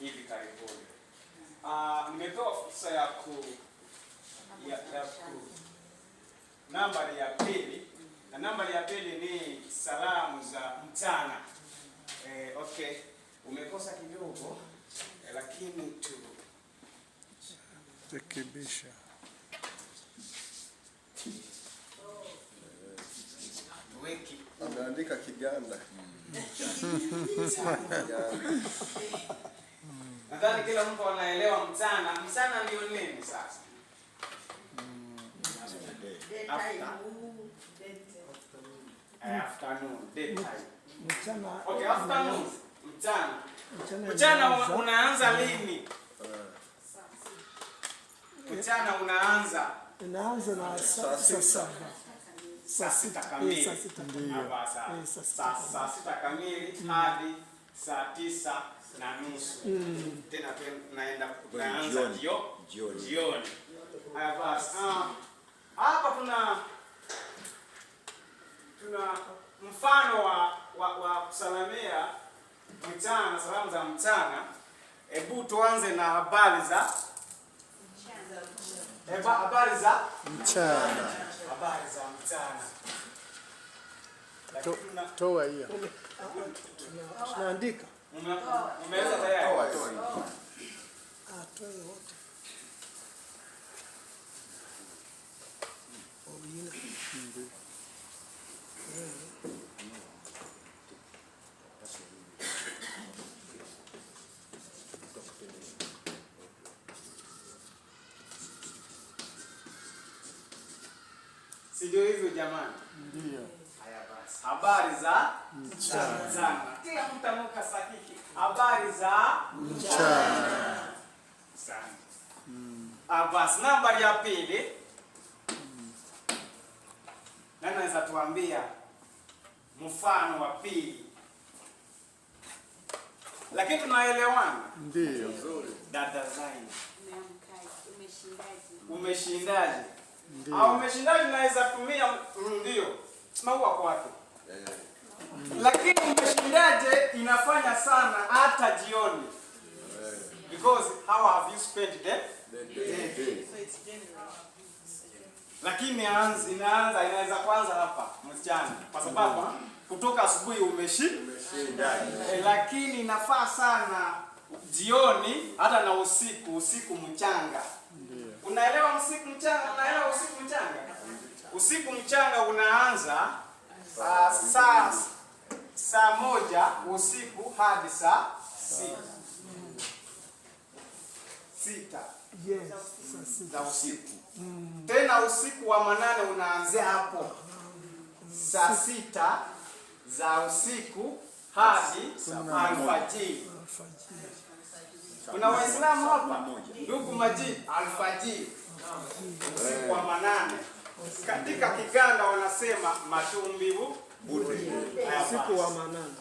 hivi karibuni. Uh, nimepewa fursa ya ku ya, ya ku nambari ya pili na nambari ya pili ni salamu za mchana. Eh, okay, umekosa kidogo eh, lakini tu rekebisha ameandika Kiganda hmm. Nadhani kila mtu anaelewa mchana. Mchana ndio nini sasa? Mchana unaanza lini? Mchana unaanza unaanza na saa saba eh, eh, saa sita kamili mm. hadi saa tisa na nusu mm. Tena naenda tunaanza jioni jioni. Haya basi, ah. Ah. hapa kuna tuna mfano wa, wa, wa kusalamia mchana salamu za mchana. Hebu tuanze na habari za Eba, habari za mchana, habari za mchana. Toa hiyo tunaandika Um, um mês até. Ah, tu é outro. Paulina. Sijui hivyo jamani. Ndio. Haya basi. Habari za sana bila kutamka sahihi habari za mchana. Ah, basi nambari ya pili, nani anaweza tuambia mfano wa pili? Lakini tunaelewana, ndio dada Zaina, umeshindaje? Au umeshindaje, ah, naweza tumia ndio maua kwake lakini umeshindaje? Inafanya sana hata jioni because how have you spent the day? Lakini anzi inaanza inaweza kwanza hapa msichana, kwa sababu kutoka asubuhi umeshinda, eh, lakini inafaa sana jioni, hata na usiku, usiku mchanga. Unaelewa usiku mchanga? Unaelewa usiku mchanga? Usiku mchanga unaanza ah, saa saa moja usiku hadi saa sita sita za usiku. Mm. Tena usiku wa manane unaanzia hapo saa sita za usiku hadi alfajiri. Kuna Waislamu hapa ndugu Majid, alfajiri usiku wa manane katika Kiganda wanasema matumbivu bude. Usiku wa manane.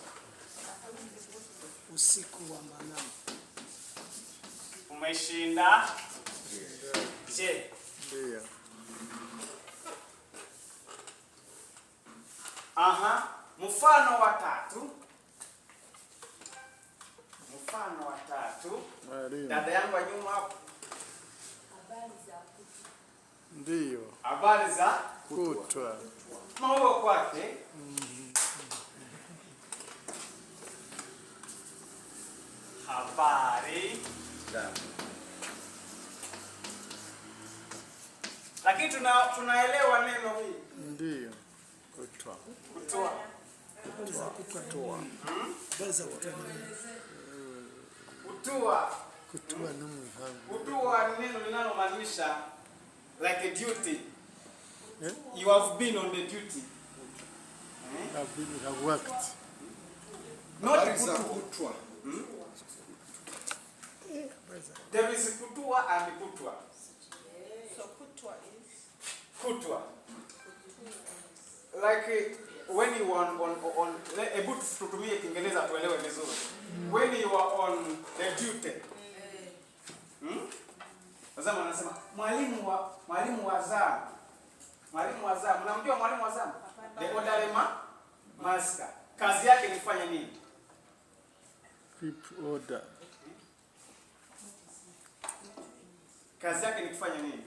Usiku wa manane. Umeshinda? Je. Ndio. Aha, mfano wa tatu. Mfano wa tatu. Dada yangu nyuma hapo ndiyo habari za kutwa maua kwake habari lakini tuna, tunaelewa neno hili ndiyo kutwa kutwa kutwa kutua hmm? ni neno linalomaanisha like a duty. Eh? You have been on the duty. Eh? I've been, I've worked. Not kutwa. Hmm? Eh, There is kutwa and kutwa. So kutwa is? Kutwa. Like eh, when you are on, on, eh, hebu tutumie Kiingereza tuelewe vizuri. Mm. When you are on the duty. Hmm? Tazama anasema mwalimu wa mwalimu wa zamu. Mwalimu wa zamu. Unamjua mwalimu wa zamu? Deodare ma maska. Kazi yake ni kufanya nini? Keep order. Kazi yake ni kufanya nini?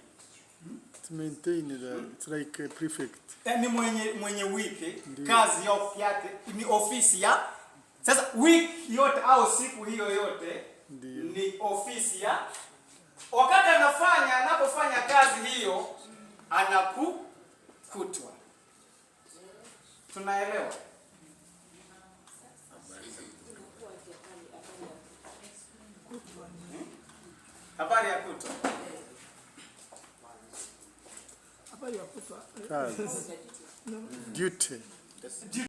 Hmm? To maintain the hmm? It's like a prefect. Eh, ni mwenye mwenye wiki kazi yake ni ofisi ya sasa wiki yote au siku hiyo yote Ni ofisi ya Wakati anafanya anapofanya kazi hiyo anakukutwa. Tunaelewa? Habari ya kutwa. Habari ya kutwa. Duty.